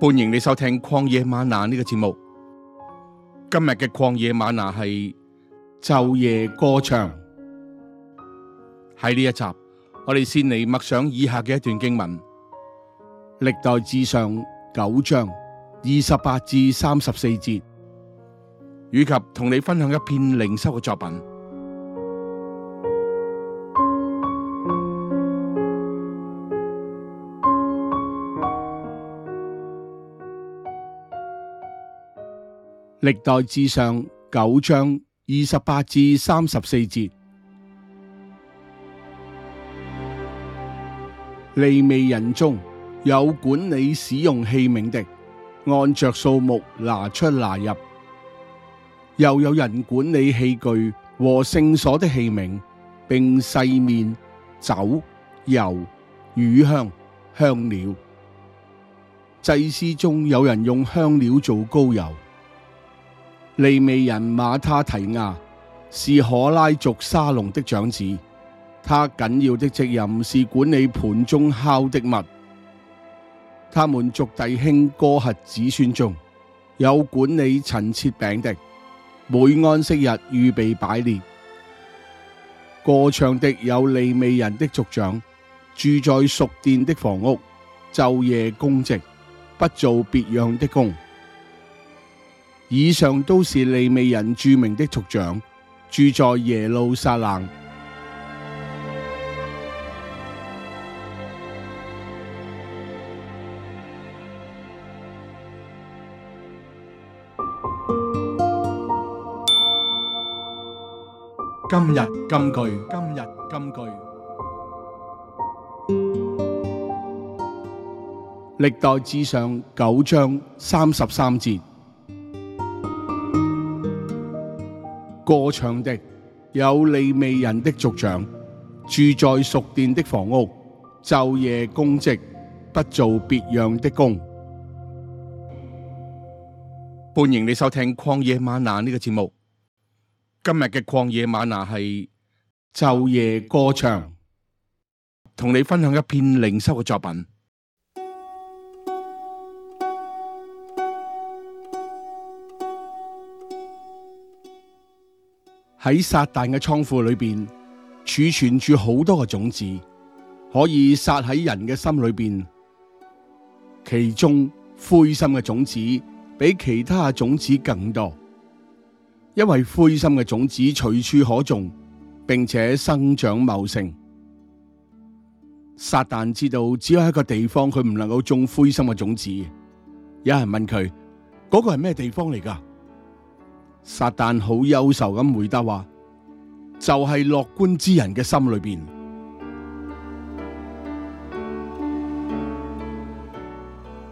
歡迎你收聽曠野嗎哪呢個節目。今日嘅曠野嗎哪係晝夜歌唱，喺呢一集，我哋先嚟默想以下嘅一段經文，歷代志上九章二十八至三十四節，以及同你分享一篇靈修嘅作品。歷代志上九章二十八至三十四節，利未人中有管理使用器皿的，按着數目拿出拿入；又有人管理器具和聖所的器皿，並細麵、酒、油、乳香、香料。祭司中有人用香料做膏油。利未人馬他提亞是可拉族沙龍的長子，他緊要的職任是管理盤中烤的物。他們族弟兄哥轄子孫中有管理陳設餅的，每安息日預備擺列。歌唱的有利未人的族長，住在屬殿的房屋，晝夜供職，不做別樣的工。以上都是利未人著名的族長，住在耶路撒冷。今日金句，今日金句，歷代志上九章三十三節。歌唱的有利未人的族長，住在屬殿的房屋，晝夜供職，不做別樣的工。歡迎你收聽曠野嗎哪呢個節目。今日嘅曠野嗎哪係晝夜歌唱，同你分享一篇靈修嘅作品。喺撒旦嘅倉庫裏邊儲存住好多嘅種子，可以撒喺人嘅心裏邊。其中灰心嘅種子比其他嘅種子更多。因為灰心嘅種子隨處可種，並且生長茂盛。撒旦知道只有一個地方佢唔能夠種灰心嘅種子。有人問佢：嗰個係咩地方嚟噶撒旦好憂愁咁回答話：就係樂觀之人嘅心裏邊。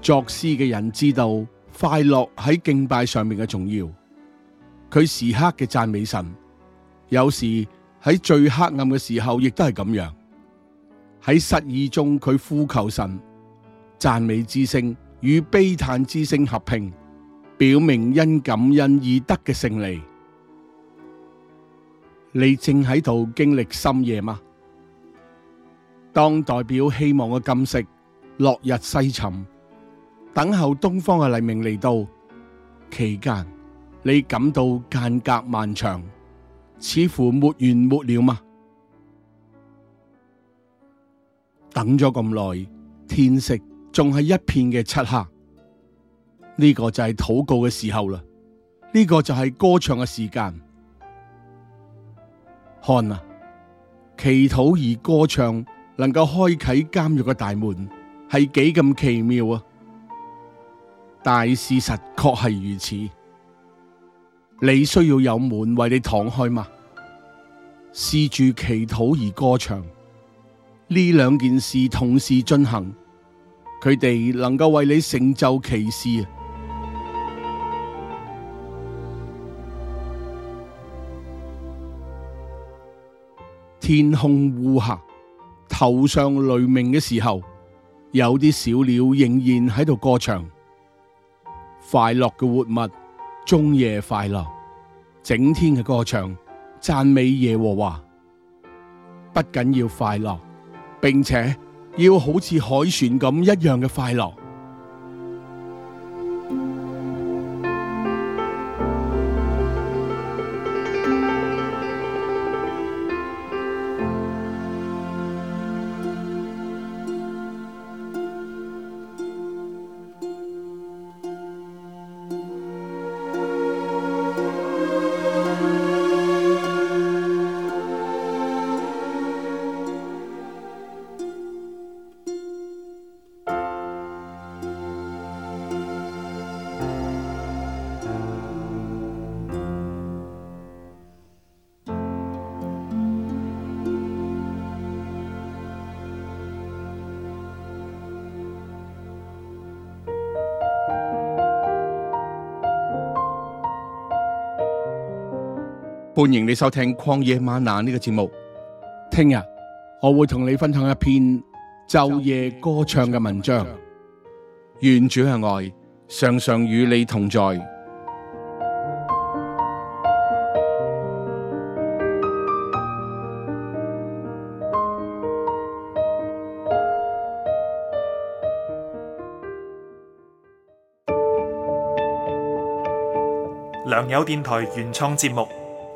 作詩嘅人知道快樂喺敬拜上面嘅重要。佢時刻嘅讚美神，有時喺最黑暗嘅時候亦都係咁樣，喺失意中佢呼求神，讚美之聲與悲嘆之聲合併。表明因感恩而得嘅勝利。你正喺度經歷深夜嗎？當代表希望嘅金色落日西沉，等候東方嘅黎明嚟到期間，你感到間隔漫長，似乎沒完沒了嗎？等咗咁耐，天色仲係一片嘅漆黑。呢、個就係禱告嘅時候啦，呢、個就係歌唱嘅時間。看啊，祈禱而歌唱能夠開啟監獄嘅大門，係幾咁奇妙啊！但事實確係如此。你需要有門為你敞開嗎？試住祈禱而歌唱，呢兩件事同時進行，佢哋能夠為你成就其事。天空烏黑，頭上雷鳴嘅時候，有啲小鳥仍然喺度歌唱。快樂嘅活物，中夜快樂，整天嘅歌唱，讚美耶和華。不僅要快樂，並且要好似海船咁一樣嘅快樂。歡迎你收聽曠野嗎哪呢個節目。聽日我會同你分享一篇晝夜歌唱嘅文章。願主嘅愛常常與你同在。良友電台原創節目。